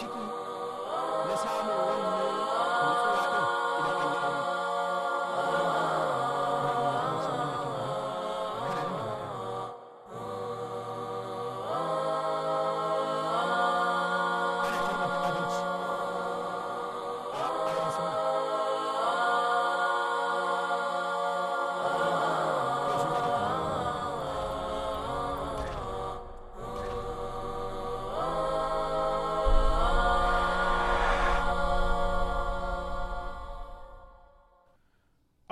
마시고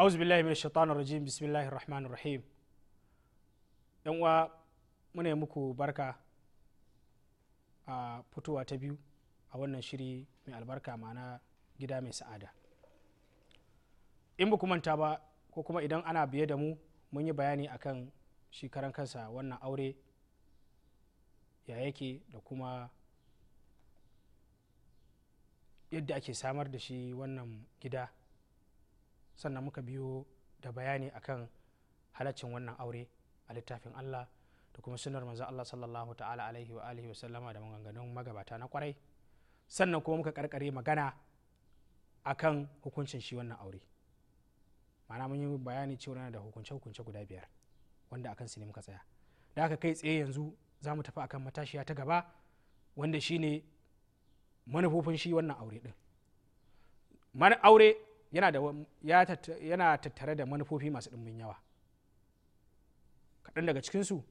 a'udhu billahi min shaitanir rajim bismillahir rahmanir rahim yan uwa muna yi muku barka a fitowa ta biyu a wannan shiri mai albarka ma'ana gida mai sa'ada in ba manta ba ko kuma idan ana biye da mu mun yi bayani akan shekaran shekaran kansa wannan aure ya yake da kuma yadda ake samar da shi wannan gida sannan muka biyo da bayani akan halaccin wannan aure a littafin Allah da kuma sunar manzo Allah sallallahu ta'ala alaihi wa alihi wa sallama da maganganun magabata na kwarai sannan kuma muka karkare magana akan hukuncin shi wannan aure ma'ana mun yi bayani cewa yana da hukunce hukunce guda biyar wanda akan su ne muka tsaya da aka kai tsaye yanzu za mu tafi akan matashiya ta gaba wanda shine manufofin shi wannan aure din aure yana tattare da manufofi masu ɗimbin yawa kaɗan daga cikinsu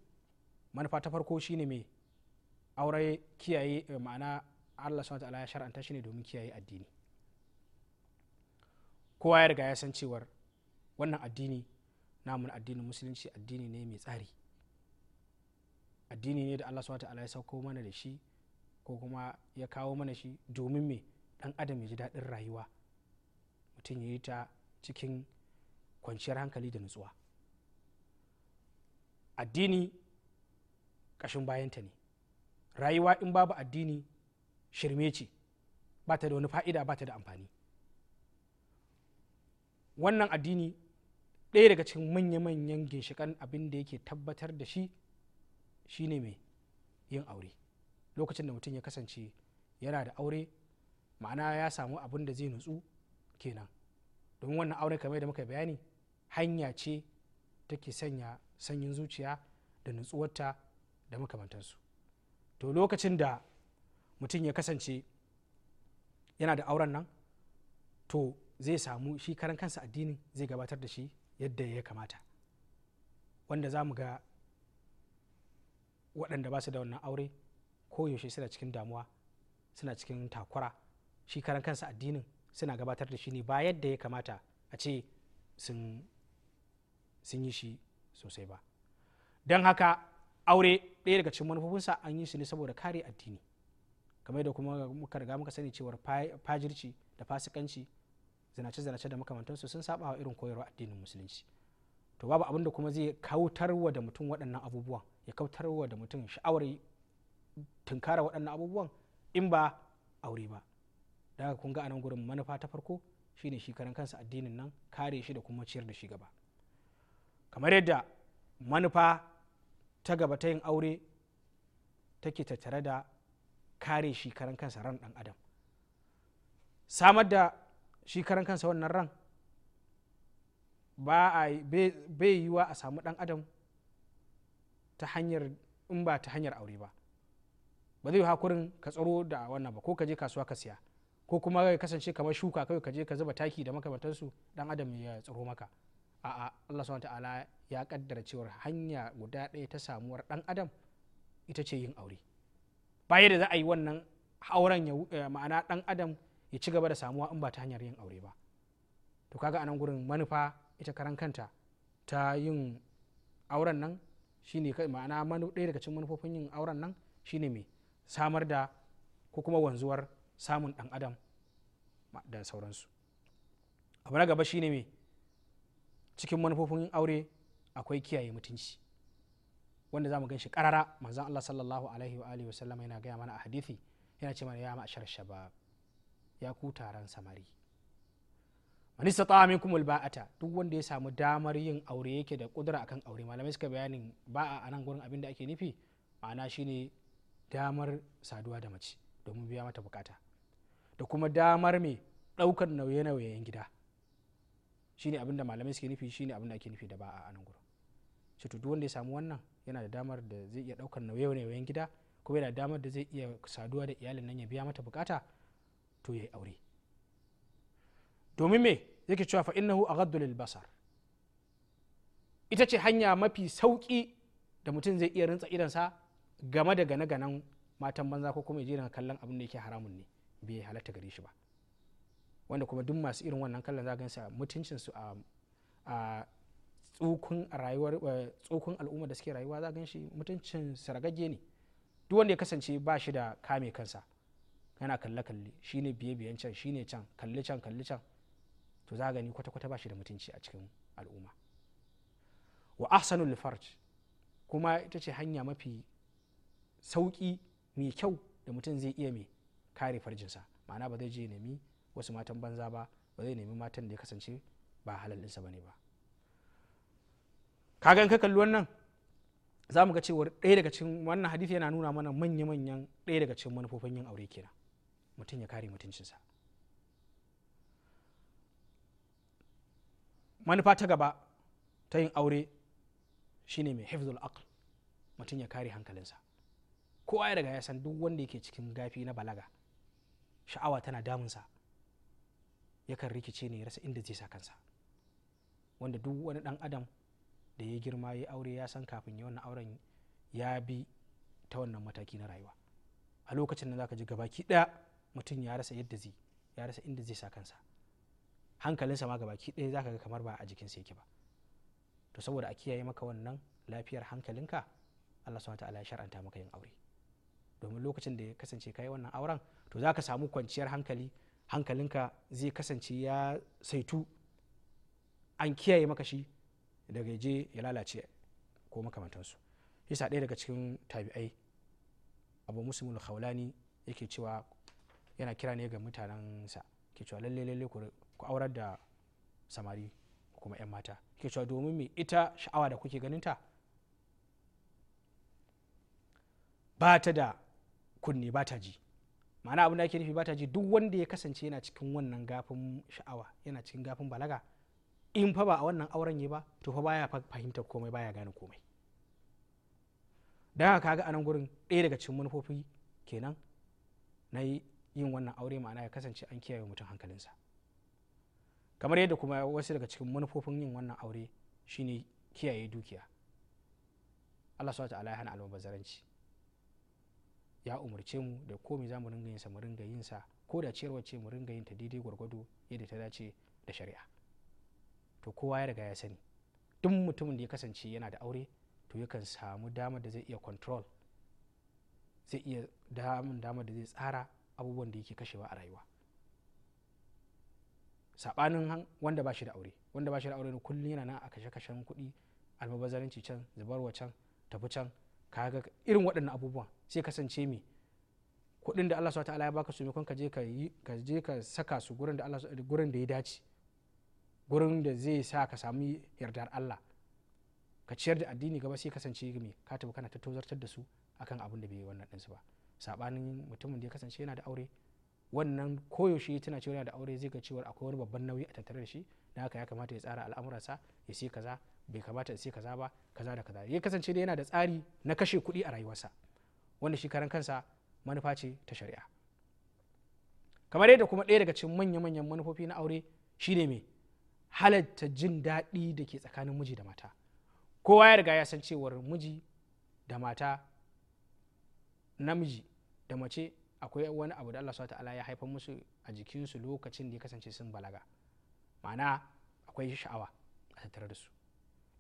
manufa ta farko shine mai aure kiyaye eh, ma'ana allah SWT ya shar'anta shine domin kiyaye addini kowa ya riga ya san cewar wannan addini namun addinin musulunci addini ne mai tsari addini ne da allah SWT ya sauko mana da shi ko kuma ya kawo mana shi domin mai dan adam ya ji daɗin rayuwa mutum ya yi ta cikin kwanciyar hankali da nutsuwa addini ƙashin bayanta ne rayuwa in babu addini shirme ce ba ta da wani fa'ida ba ta da amfani wannan addini ɗaya daga cikin manya-manyan ginshiƙan abin da yake tabbatar da shi shine mai yin aure lokacin da mutum ya kasance yana da aure ma'ana ya samu abin da zai nutsu kenan domin wannan aure kamar da muka bayani hanya ce take sanya sanyin zuciya da nutsuwarta da makamantansu to lokacin da mutum ya kasance yana da auren nan to zai samu shi karan kansa addinin zai gabatar da shi yadda ya kamata wanda za mu ga waɗanda ba su da wannan aure koyaushe suna cikin damuwa suna cikin takura shi karan kansa addinin suna gabatar da shi ne ba yadda ya kamata a ce sun yi shi sosai ba don haka aure ɗaya daga cikin manufofinsa an yi shi ne saboda kare addini kamar da kuma muka riga muka sani cewar fajirci da fasikanci zinace-zinace da makamantansu sun saba wa irin koyarwa addinin musulunci to babu abin da kuma zai kautarwa da mutum waɗannan abubuwan ya kautarwa da mutum sha'awar tunkara waɗannan abubuwan in ba aure ba daga kun ga anan gurin manufa ta farko shine shi karan kansa addinin nan kare shi da kuma ciyar da shi gaba kamar yadda manufa ta gaba ta yin aure take tattare da kare shi karan kansa ran dan adam samar da shi karan kansa wannan ran ba a bai yiwa a samu dan adam ta hanyar in ba ta hanyar aure ba ba zai hakurin ka tsaro da wannan ba ko ka je kasuwa ka siya ko kuma ya kasance kamar shuka kawai ka je ka zuba taki da makamantansu dan adam ya tsaro maka a'a Allah subhanahu ta'ala ya kaddara cewar hanya guda ɗaya ta samuwar dan adam ita ce yin aure baya da za a yi wannan auren ya ma'ana dan adam ya ci gaba da samuwa in ba ta hanyar yin aure ba to kaga anan gurin manufa ita karan kanta ta yin auren nan shine ma'ana ɗaya daga cikin manufofin yin auren nan shine mai samar da ko kuma wanzuwar samun ɗan adam da sauransu abu na gaba shine me cikin manufofin aure akwai kiyaye mutunci wanda za mu gan shi karara manzan Allah sallallahu alaihi wa alihi wasallam yana gaya mana a hadithi yana ce mana ya ma'ashar shabab ya ku taron samari man istata'a minkum ba'ata duk wanda ya samu damar yin aure yake da kudura akan aure malamai suka bayanin ba'a a nan gurin abin da ake nufi ma'ana shine damar saduwa da mace domin biya mata bukata da kuma damar mai ɗaukar nauye-nauyen gida shine abinda malamai suke nufi shine abinda ake nufi da ba a anan gurin shi duk wanda ya samu wannan yana da damar da zai iya ɗaukar nauye-nauyen gida kuma yana da damar da zai iya saduwa da iyalin nan ya biya mata bukata to ya yi aure domin me yake cewa fa innahu aghaddu lil basar ita ce hanya mafi sauki da mutum zai iya rintsa idansa game da gane-ganen matan banza ko kuma ya je kallon abin da yake haramun ne bai halatta gare shi ba wanda kuma duk masu irin wannan kallon sa mutuncin mutuncinsu a tsokun rayuwar eh, tsokun al'umma da suke rayuwa za gan shi mutuncin ne duk wanda ya kasance ba shi da kame kansa yana kalle kalle shine biye biyen can shine can kalle can kalle can to za kwata kwata ba shi da mutunci a cikin al'umma wa ahsanul farj kuma ita ce hanya mafi sauki mai kyau da mutum zai iya mai kare farjinsa ma'ana ba zai je nemi wasu matan banza ba ba zai nemi matan da ya kasance ba halal ba ne ba kagan ka kalli wannan za mu ga cewa ɗaya daga cikin wannan hadisi yana nuna mana manya-manyan ɗaya daga cikin manufofin yin aure kenan mutum ya kare mutuncinsa manufa ta gaba ta yin aure shine mai hifzul aql mutum ya kare hankalinsa kowa ya daga ya san duk wanda yake cikin gafi na balaga sha'awa tana damunsa yakan rikice ne ya rasa inda zai sa kansa wanda duk wani dan adam da ya girma ya aure ya san kafin ya wannan auren ya bi ta wannan mataki na rayuwa a lokacin da zaka ji gabaki daya mutum ya rasa yadda zai ya rasa inda zai sa kansa hankalinsa ma gabaki daya zaka ga kamar ba a jikinsa yake ba to saboda a kiyaye maka wannan lafiyar hankalinka Allah subhanahu wa ta'ala ya shar'anta maka yin aure domin lokacin da ya kasance kayi wannan auren to za ka samu kwanciyar hankali hankalinka zai kasance ya saitu an kiyaye maka shi daga je ya lalace ko makamantansu yasa ɗaya daga cikin tabi'ai abu muslimul khawlani yake cewa yana kira ne ga mutanensa ke cewa lalle lalle ku aurar da samari kuma 'yan mata ke cewa domin mai ita sha'awa da kuke ganinta ba ta da kunne ba ta ji ma'ana abin da ake nufi ba ta ji duk wanda ya kasance yana cikin wannan gafin sha'awa yana cikin gafin balaga in fa ba a wannan auren yi ba to fa baya fahimta komai baya gane komai don haka ga anan gurin ɗaya daga cikin manufofi kenan na yin wannan aure ma'ana ya kasance an kiyaye mutum hankalinsa kamar yadda kuma wasu daga cikin manufofin yin wannan aure shine kiyaye dukiya allah ta'ala ya hana almubazzaranci ya umarce mu da komai za mu ringa yinsa mu ringa yinsa ko da ciyarwa ce mu ringa yin ta daidai gwargwado yadda ta dace da shari'a to kowa ya riga ya sani duk mutumin da ya kasance yana da aure to yakan samu damar da zai iya control zai iya damar damar da zai tsara abubuwan da yake kashewa a rayuwa sabanin wanda ba shi da aure wanda ba shi da aure ne kullum yana nan a kashe-kashen kuɗi almabazaranci can zubarwa can tafi can kaga irin waɗannan abubuwan sai kasance mai kuɗin da Allah subhanahu ta'ala ya baka su maimakon ka je ka saka su gurin da Allah gurin da ya dace gurin da zai sa ka samu yardar Allah ka ciyar da addini gaba sai kasance mai ka tafi kana ta da su akan abin da bai wannan ɗinsu ba sabanin mutumin da ya kasance yana da aure wannan koyaushe tana cewa da aure zai ga cewa akwai wani babban nauyi a tattare da shi da haka ya kamata ya tsara al'amuransa ya sai kaza bai kamata ya sai kaza ba kaza da kaza ya kasance da yana da tsari na kashe kuɗi a rayuwarsa wanda shi karan kansa manufa ce ta shari'a kamar yadda kuma ɗaya daga cikin manya-manyan manufofi na aure shi ne mai halatta jin daɗi da ke tsakanin miji da mata kowa ya riga ya san cewar miji da mata namiji da mace akwai wani abu da Allah ta'ala ya haifar musu a jikinsu lokacin da ya kasance sun balaga ma'ana akwai sha'awa a tattare da su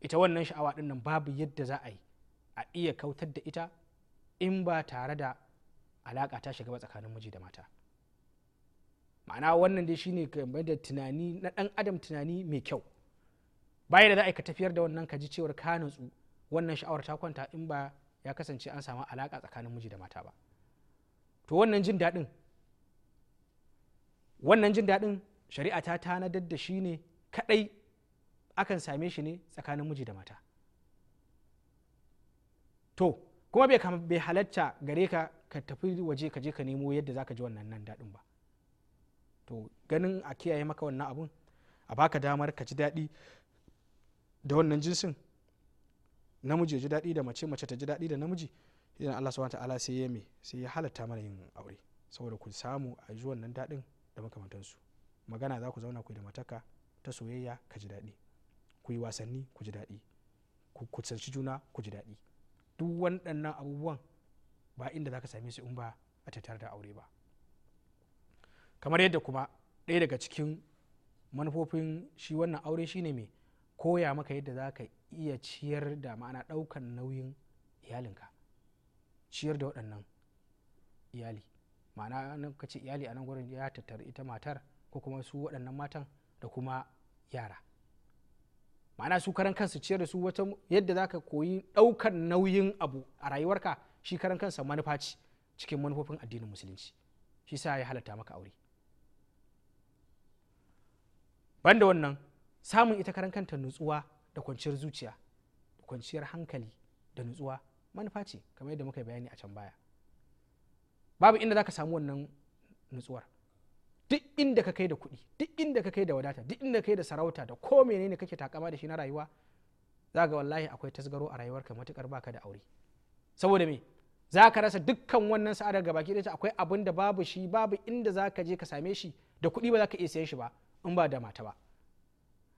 ita wannan sha'awa ɗin nan babu yadda za a yi a iya kautar da ita in ba tare da alaƙa ta shiga ba tsakanin miji da mata ma'ana wannan dai shine game da tunani na ɗan adam tunani mai kyau bayan da za a ka tafiyar da wannan ka ji cewar ka nutsu wannan sha'awar ta kwanta in ba ya kasance an samu alaƙa tsakanin miji da mata ba to wannan jin daɗin wannan jin daɗin shari'a ta tanadar da shi ne kaɗai akan same shi ne tsakanin miji da mata to kuma bai halatta gare ka ka tafi waje ka je ka nemo yadda za ka ji wannan nan daɗin ba to ganin a kiyaye maka wannan abun a baka damar ka ji daɗi da wannan jinsin namiji ya ji daɗi da mace mace ta ji daɗi da namiji idan Allah subhanahu ta'ala sai ya me sai ya halatta mana yin aure saboda ku samu a ji wannan daɗin da makamantansu magana za ku zauna ku da mataka ta soyayya ka ji daɗi ku yi wasanni ku ji daɗi ku kusanci juna ku ji daɗi duk waɗannan abubuwan ba inda za ka same su in ba a tattare da aure ba kamar yadda kuma ɗaya daga cikin manufofin shi wannan aure shine mai koya maka yadda za ka iya ciyar da ma'ana ɗaukan nauyin iyalinka ciyar da waɗannan iyali ma'ana nan ka ce iyali a nan gurin ya tattara ita matar ko kuma su waɗannan matan da kuma yara ma'ana su karan kansu ciyar da su wata yadda za ka koyi ɗaukar nauyin abu a rayuwarka shi karan kansa manufa ce cikin manufofin addinin musulunci shi sa ya halatta maka aure banda wannan samun ita karan kanta nutsuwa da kwanciyar zuciya da kwanciyar hankali da nutsuwa manufa ce kamar yadda muka bayani a can baya babu inda za ka samu wannan nutsuwar duk inda ka kai da kuɗi duk inda ka kai da wadata duk inda ka kai da sarauta da ko menene kake takama da shi na rayuwa za ga wallahi akwai tasgaro a rayuwar rayuwarka matukar baka da aure saboda me za ka rasa dukkan wannan sa'adar ga baki ta akwai abin da babu shi babu inda za ka je ka same shi da kuɗi ba za ka iya siyan shi ba in ba da mata ba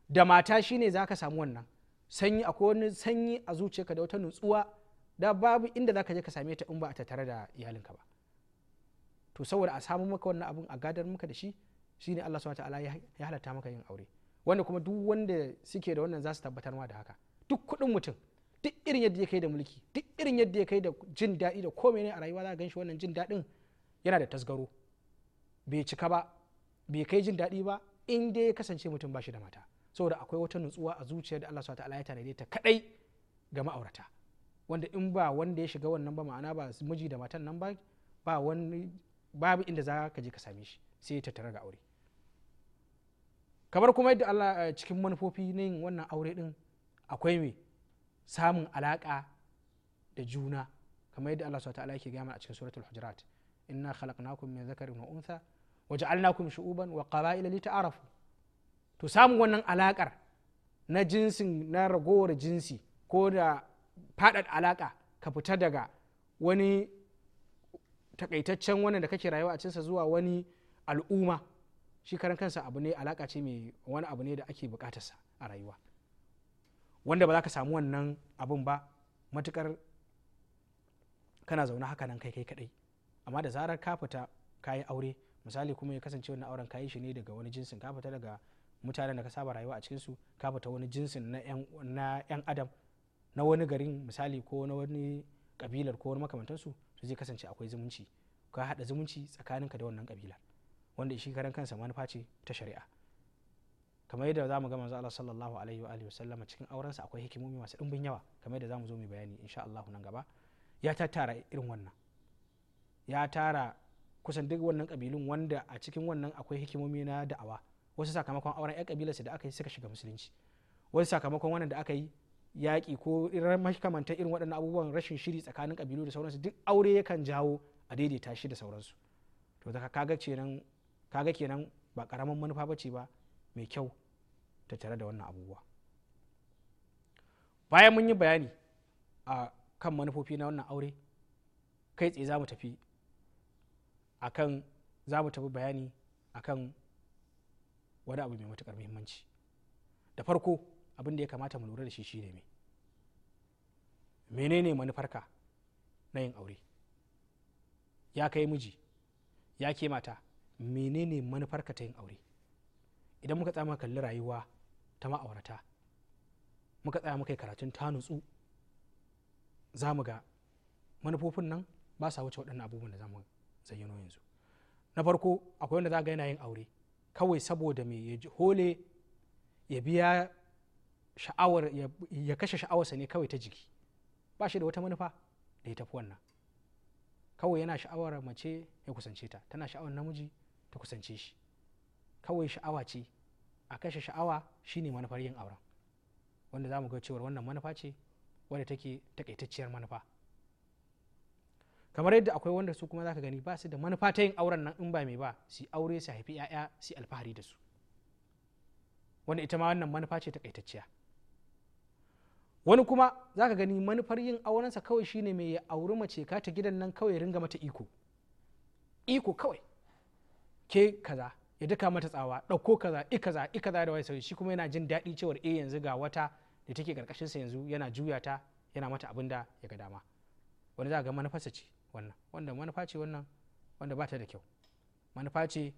da mata shine za ka samu wannan sanyi akwai wani sanyi a zuciyarka da wata nutsuwa da babu inda za ka je ka same ta in ba a tattare da iyalinka ba to saboda a samu maka wannan abun a gadar maka da shi shine Allah subhanahu ta'ala ya halatta maka yin aure wanda kuma duk wanda suke da wannan za su tabbatar ma da haka duk kuɗin mutum duk irin yadda ya kai da mulki duk irin yadda ya kai da jin daɗi da komai ne a rayuwa za ka ganshi wannan jin daɗin yana da tasgaro bai cika ba bai kai jin daɗi ba in dai ya kasance mutum ba shi da mata saboda akwai wata nutsuwa a zuciyar da Allah subhanahu ta'ala ya tanade ta kaɗai ga ma'aurata wanda in ba wanda ya shiga wannan ba ma'ana ba miji da matan nan ba ba wani babu inda za ka je ka same shi sai ta tare ga aure kamar kuma yadda Allah eh, cikin manufofi na yin wannan aure din akwai me samun alaka da juna kamar yadda Allah ta'ala yake gaya a cikin suratul hujurat inna khalaqnakum min dhakarin wa untha waja'alnakum shu'uban wa qaba'ila lita'arafu to samun wannan alakar na jinsin na ragowar jinsi ko da faɗaɗa alaka ka fita daga wani takaitaccen wannan da kake rayuwa a cinsa zuwa wani al'umma shi karan kansa abu ne alaka ce mai wani abu ne da ake bukatarsa a rayuwa wanda ba za ka samu wannan abun ba matukar kana zaune haka nan kai kai kadai amma da zarar ka fita kayi aure misali kuma ya kasance wannan auren kayi shi ne daga wani jinsin ka fita daga mutanen da ka saba rayuwa a cikinsu ka fita wani jinsin na 'yan adam na wani garin misali ko na wani kabilar ko wani makamantansu to zai kasance akwai zumunci ka haɗa zumunci tsakaninka da wannan kabila wanda shi karan kansa manufa ce ta shari'a kamar yadda za mu ga manzo Allah sallallahu alaihi wa alihi wasallam cikin aurensa akwai hikimomi masu ɗimbin yawa kamar yadda za mu zo mu bayani insha Allah nan gaba ya tattara irin wannan ya tara kusan duk wannan kabilun wanda a cikin wannan akwai hikimomi na da'awa wasu sakamakon auren 'yan kabilarsa da aka yi suka shiga musulunci wasu sakamakon wannan da aka yi yaƙi ko irin makamantar irin waɗannan abubuwan rashin shiri tsakanin ƙabilu da sauransu duk aure yakan jawo a daidaita shi da sauransu to daga kaga kenan kaga kenan ba ƙaramin manufa ba ce ba mai kyau ta tare da wannan abubuwa bayan mun yi bayani a kan manufofi na wannan aure kai tsaye za mu tafi akan za mu tafi bayani akan wani abu mai matuƙar muhimmanci da farko abin da ya kamata mu lura da shi shine me menene manufarka na yin aure ya kai miji ya ke mata menene manufarka ta yin aure idan muka tsaya muka kalli rayuwa ta ma'aurata muka tsaya muka yi karatun ta nutsu za mu ga manufofin nan ba sa wuce waɗannan abubuwan da za mu zayyano yanzu na farko akwai wanda za ga yana yin aure kawai saboda mai ya hole ya biya sha'awar ya kashe sha'awarsa ne kawai ta jiki ba shi da wata manufa da ya tafi wannan kawai yana sha'awar mace ya kusance ta tana sha'awar namiji ta kusance shi kawai sha'awa ce a kashe sha'awa shine manufar yin auren wanda za mu ga cewar wannan manufa ce wadda take takaitacciyar manufa kamar yadda akwai wanda su kuma zaka gani ba su da manufa ta yin auren nan in ba mai ba su aure su haifi 'ya'ya su alfahari da su wanda ita ma wannan manufa ce takaitacciya wani kuma za ka gani manufar yin aurensa kawai shine mai ya auri mace ka ta gidan nan kawai ringa mata iko iko kawai ke kaza ya duka mata tsawa ɗauko kaza ikaza kaza da wasu shi kuma yana jin daɗi cewar eh yanzu ga wata da take karkashin sa yanzu yana juya ta yana mata abin da ya ga dama wani za ka ga manufarsa ce wannan wanda manufa ce wannan wanda ba ta da kyau manufa ce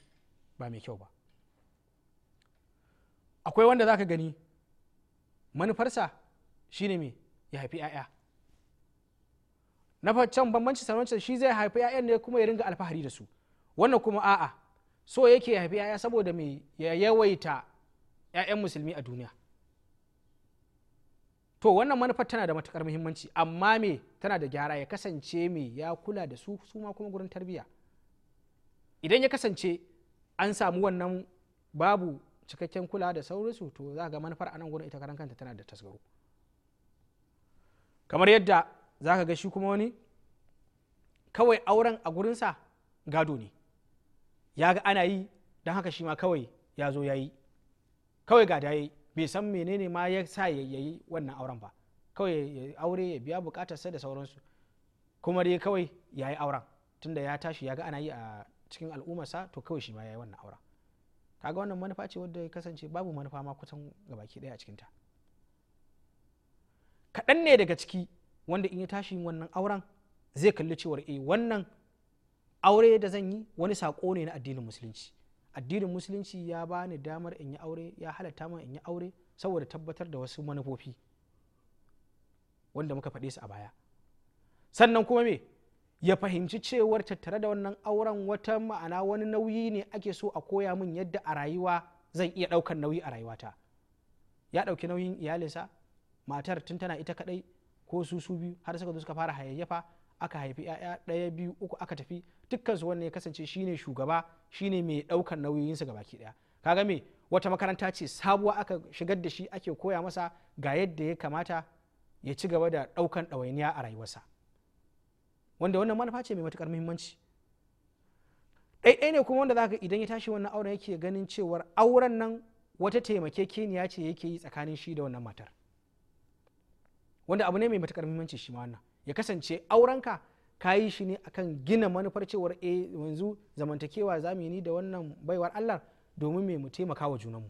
ba mai kyau ba akwai wanda za ka gani manufarsa shine me ya haifi 'ya'ya na can bambanci sarwancin shi zai haifi 'ya'yan ne kuma ya ringa alfahari da su wannan kuma a'a so yake ya haifi 'ya'ya saboda mai ya yawaita 'ya'yan musulmi a duniya to wannan manufar tana da matukar muhimmanci amma me tana da gyara ya kasance me ya kula da su su ma kuma gurin tarbiyya idan ya kasance an samu wannan babu cikakken kula da sauransu to za ga manufar anan gurin ita karan kanta tana da tasgaro kamar yadda za ka ga shi kuma wani kawai auren a gurinsa gado ne ya ga ana yi don haka shi ma kawai ya zo ya yi kawai ga da bai san menene ma ya sa ya yi wannan auren ba kawai ya aure ya biya bukatarsa da sauransu kuma dai kawai ya yi auren tunda ya tashi ya ga ana yi a cikin al'ummarsa to kawai shi ma ya yi wannan auren kaga wannan manufa ce wadda ya kasance babu manufa ma kusan gabaki daya a cikinta kaɗan ne daga ciki wanda in ya tashi yin wannan auren zai kalli cewar eh wannan aure da zan yi wani sako ne na addinin musulunci addinin musulunci ya ba ni damar in yi aure ya halatta min in yi aure saboda tabbatar da wasu manufofi wanda muka faɗe su a baya sannan kuma me ya fahimci cewar tattare da wannan auren wata ma'ana wani nauyi ne ake so a koya min yadda a rayuwa zan iya ɗaukar nauyi a rayuwata ya ɗauki nauyin iyalinsa matar tun tana ita kadai ko su su biyu har suka zo suka fara hayayyafa aka haifi ya'ya ɗaya biyu uku aka tafi dukkan su wanne ya kasance shine shugaba shine mai ɗaukan su gabaki ɗaya kaga me wata makaranta ce sabuwa aka shigar da shi ake koya masa ga yadda ya kamata ya ci gaba da ɗaukan ɗawainiya a rayuwarsa wanda wannan manufa ce mai matukar muhimmanci ɗaiɗai ne kuma wanda zaka idan ya tashi wannan auren yake ganin cewar auren nan wata taimakekeniya ce yake yi tsakanin shi da wannan matar wanda abu ne mai matakar muhimmanci shi ma wannan ya kasance aurenka ka yi shi ne akan gina manufar cewar A eh, yanzu zamantakewa za mu yi ni da wannan baiwar allah domin mai mu taimaka wa junanmu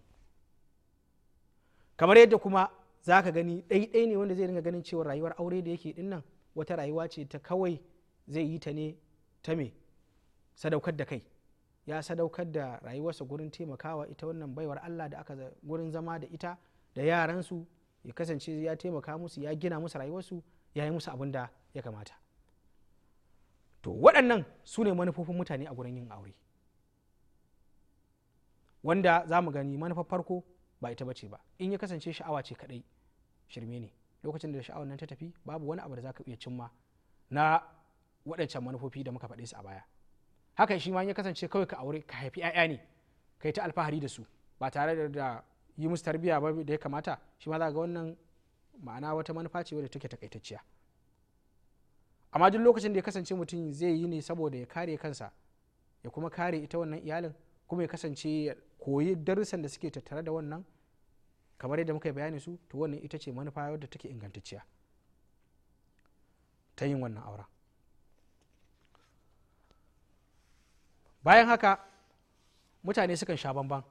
kamar yadda kuma za ka gani ɗaiɗai ne wanda zai dinga ganin cewa rayuwar aure da yake nan wata rayuwa ce ta kawai zai yi ta ne ta me sadaukar da kai ya sadaukar da rayuwarsa gurin taimakawa ita wannan baiwar allah da aka gurin zama da ita da yaransu ya kasance ya taimaka musu ya gina musu rayuwarsu ya yi musu abin da ya kamata to waɗannan su ne manufofin mutane a gurin yin aure wanda za mu gani manufar farko ba ita bace ba in ya kasance sha'awa ce kaɗai shirme ne lokacin da sha'awar nan ta tafi babu wani abu da za ka iya cimma na waɗancan manufofi da muka faɗe su a baya haka shi ma ya kasance kawai ka aure ka haifi 'ya'ya ne ka yi ta alfahari da su ba tare da yi musu tarbiya ba da ya kamata shi ma za ga wannan ma'ana wata manufa ce wadda take takaitacciya amma duk lokacin da ya kasance mutum zai yi ne saboda ya kare kansa ya kuma kare ita wannan iyalin kuma ya kasance ya koyi darussan da suke tattare da wannan kamar yadda muka yi bayani su to wannan ita ce manufa wadda take ingantacciya ta yin wannan auren bayan haka mutane sukan sha bamban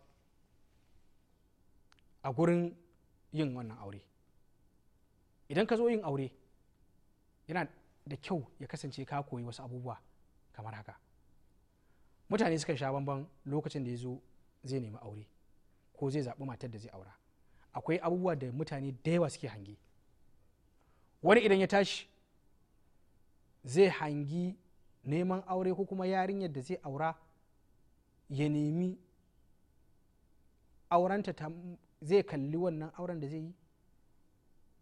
a gurin yin wannan aure idan ka zo yin aure yana da kyau ya kasance ka koyi wasu abubuwa kamar haka mutane suka sha bamban lokacin da ya zo zai nemi aure ko zai zaɓi matar da zai aura akwai abubuwa da mutane da yawa suke hangi wani idan ya tashi zai hangi neman aure ko kuma yarinyar da zai aura ya nemi aurenta zai kalli wannan auren da zai yi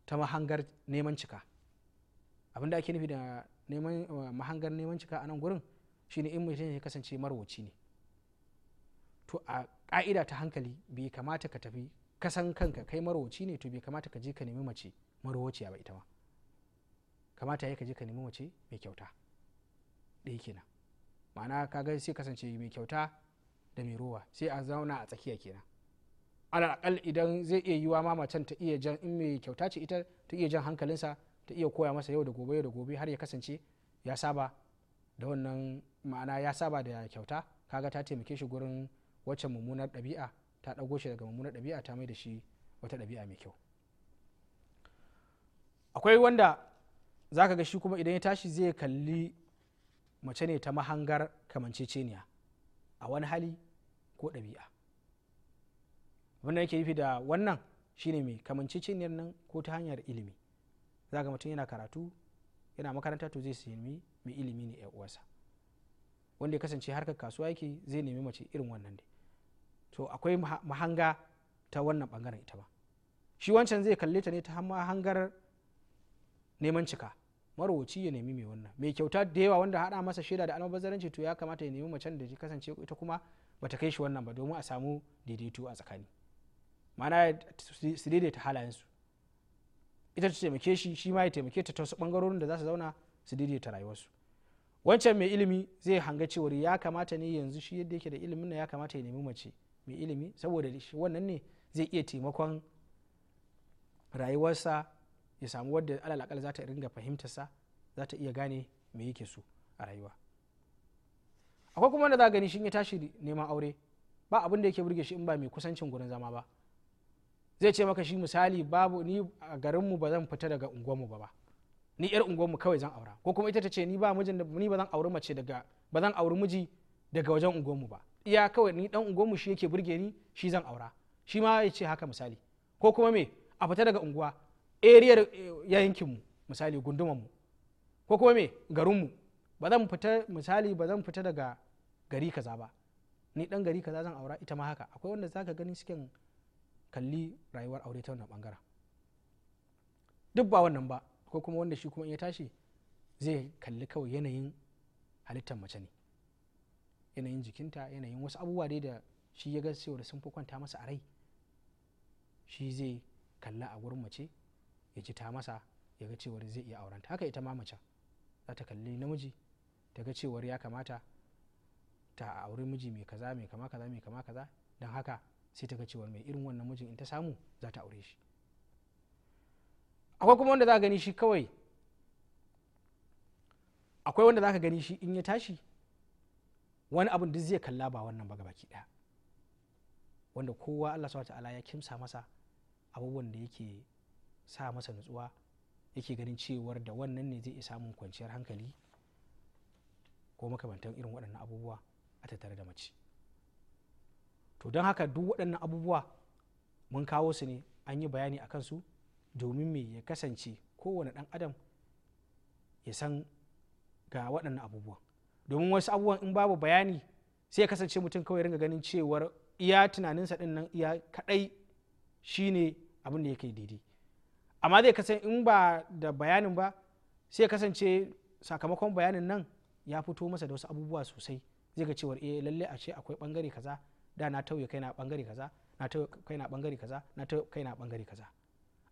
ta mahangar neman cika abin da ake nufi da mahangar neman cika a nan gurin shine in mutum ya kasance marwaci ne to a ka'ida ta hankali bai kamata ka tafi kasan kanka kai marwaci ne to bai kamata ka je ka nemi mace marwaciya ba ita ma kamata ya ka je ka nemi mace mai kyauta ɗaya kenan ma'ana kaga sai kasance mai kyauta da mai ruwa sai a zauna a tsakiya kenan alal idan zai iya yiwa ma macen ta iya jan in mai kyauta ce ita ta iya jan hankalinsa ta iya koya masa yau da gobe yau da gobe har ya kasance ya saba da wannan ma'ana ya saba da kyauta kaga ta taimake shi gurin wacce mummunar ɗabi'a ta ɗago shi daga mummunar ɗabi'a ta mai da shi wata ɗabi'a mai kyau akwai wanda zaka ga shi kuma idan ya tashi zai kalli mace ne ta mahangar kamanceceniya a wani hali ko ɗabi'a abinda yake nufi da wannan shine mai kamanceceniyar nan ko ta hanyar ilimi za ga mutum yana karatu yana makaranta to zai nemi mai ilimi ne ya uwarsa wanda ya kasance harka kasuwa yake zai nemi mace irin wannan dai to akwai mahanga ta wannan bangaren ita ba shi wancan zai kalle ta ne ta hangar neman cika marwaci ya nemi mai wannan mai kyauta da yawa wanda haɗa masa shaida da almubazzaranci to ya kamata ya nemi macen da kasance ita kuma bata kai shi wannan ba domin a samu daidaito a tsakani mana su daidaita halayensu ita ta taimake shi shi ma ya taimake ta wasu bangarorin da za su zauna su daidaita rayuwarsu wancan mai ilimi zai hanga cewar ya kamata ne yanzu shi yadda yake da ilimin ya kamata ya nemi mace mai ilimi saboda shi wannan ne zai iya taimakon rayuwarsa ya samu wadda alal akal za ta ringa fahimtarsa za ta iya gane me yake so a rayuwa akwai kuma wanda za gani shi ya tashi neman aure ba abin da yake burge shi in ba mai kusancin gurin zama ba zai ce maka shi misali babu ni a garinmu ba zan fita daga unguwarmu ba ba ni yar unguwarmu kawai zan aura ko kuma ita ta ce ni ba mijin ni ba zan auri mace daga ba zan auri miji daga wajen unguwarmu ba iya kawai ni dan unguwarmu shi yake burge ni shi zan aura shi ma ya ce haka misali ko kuma me a fita daga unguwa yayinkin eh, mu misali gundumanmu ko kuma me garinmu ba zan fita misali ba zan fita daga gari kaza ba ni dan gari kaza zan aura ita ma haka akwai wanda zaka gani suke kalli rayuwar aure ta wannan bangaren duk ba wannan ba ko kuma wanda shi kuma in ya tashi zai kalli kawai yanayin halittar mace ne yanayin jikinta yanayin wasu abubuwa dai da shi ya ga cewa sun fi kwanta masa a rai shi zai kalla a gurin mace ya ji ta masa ya ga cewar zai iya ta haka ita ma macen za ta kalli namiji ta ga cewar ya kamata ta a auri miji mai kaza mai kama kaza mai kama kaza don haka sai ta ga cewa mai irin wannan mijin in ta samu za ta aure shi akwai kuma wanda za ka gani shi kawai akwai wanda za ka gani shi in ya tashi wani abin duk zai kalla ba wannan baga baki daya wanda kowa allah swt ya kimsa masa abubuwan da yake sa masa nutsuwa yake ganin cewar da wannan ne zai iya samun kwanciyar hankali ko makamantan irin waɗannan abubuwa a tattare da mace to don haka duk waɗannan abubuwa mun kawo su ne an yi bayani a kansu domin me ya kasance kowane ɗan adam ya san ga waɗannan abubuwa. domin wasu abubuwan in babu bayani sai ya kasance mutum kawai ringa ganin cewar iya tunaninsa ɗin nan iya kaɗai shine abin da yake daidai amma zai kasance in ba da bayanin ba sai ya kasance sakamakon bayanin nan ya fito masa da wasu abubuwa sosai zai ga cewar eh lalle a ce akwai bangare kaza da na tauye kaina bangare kaza na tauye kaina bangare kaza na tauye kaina bangare kaza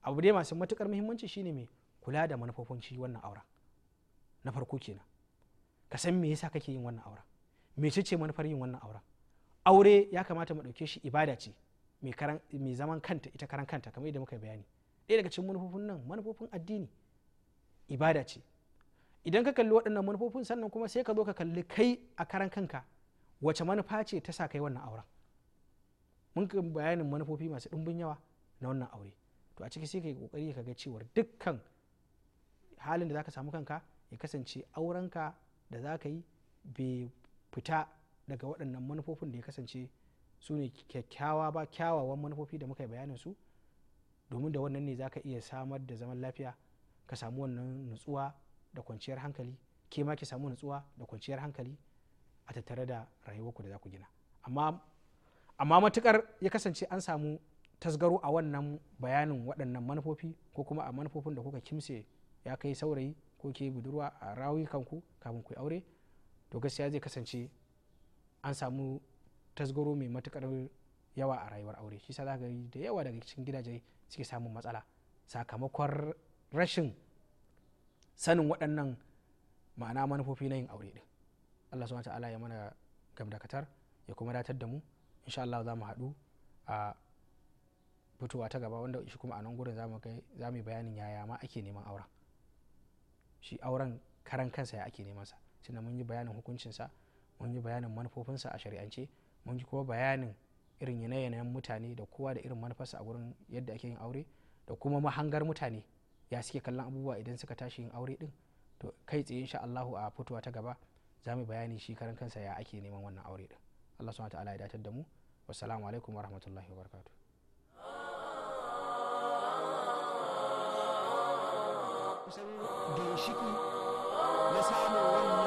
abu dai masu matukar muhimmanci shine me kula da manufofin shi wannan aura na farko kenan ka san me yasa kake yin wannan aura Me ce ce manufar yin wannan aura aure ya kamata mu dauke shi ibada ce mai zaman kanta ita karan kanta kamar yadda muka bayani ɗaya daga cikin manufofin nan manufofin addini ibada ce idan ka kalli waɗannan manufofin sannan kuma sai ka zo ka kalli kai a karan kanka wace manufa ce ta sa kai wannan auren mun kan bayanin manufofi masu ɗumbin yawa na wannan aure to a ciki sai ka yi kokari ka ga cewa dukkan halin da zaka samu kanka ya kasance aurenka da za ka yi bai fita daga waɗannan manufofin da ya kasance su ne kyakkyawa ba kyawawan manufofi da muka yi bayanin su domin da wannan ne za ka iya samar da zaman lafiya ka samu wannan nutsuwa da kwanciyar hankali ke ma ki samu nutsuwa da kwanciyar hankali a tattare da rayuwarku da za ku gina amma amma matukar ya kasance an samu tasgaro a wannan bayanin waɗannan manufofi ko kuma a manufofin da kuka kimse ya kai saurayi ko ke budurwa a kanku kafin ku aure to gaskiya zai kasance an samu tasgaro mai matukar yawa a rayuwar aure shi sa da yawa daga cikin gidaje suke samun matsala sakamakon rashin sanin waɗannan ma'ana manufofi na yin aure din allah subhanahu ta'ala ya mana gamdakatar ya kuma datar da mu insha Allah za mu haɗu a fitowa ta gaba wanda shi kuma a nan gurin za mu yi bayanin yaya ma ake neman auren shi auren karan kansa ya ake neman sa tunda mun yi bayanin hukuncin sa mun yi bayanin sa a shari'ance mun yi kuma bayanin irin yanayin mutane da kowa da irin manufarsa a gurin yadda ake yin aure da kuma mahangar mutane ya suke kallon abubuwa idan suka tashi yin aure din to kai tsaye insha Allahu a fitowa ta gaba za mu bayani shi karan kansa ya ake neman wannan aure din Allah subhanahu wa ta'ala ya datar da mu wassalamu alaikum wa rahmatullahi wa barakatuh na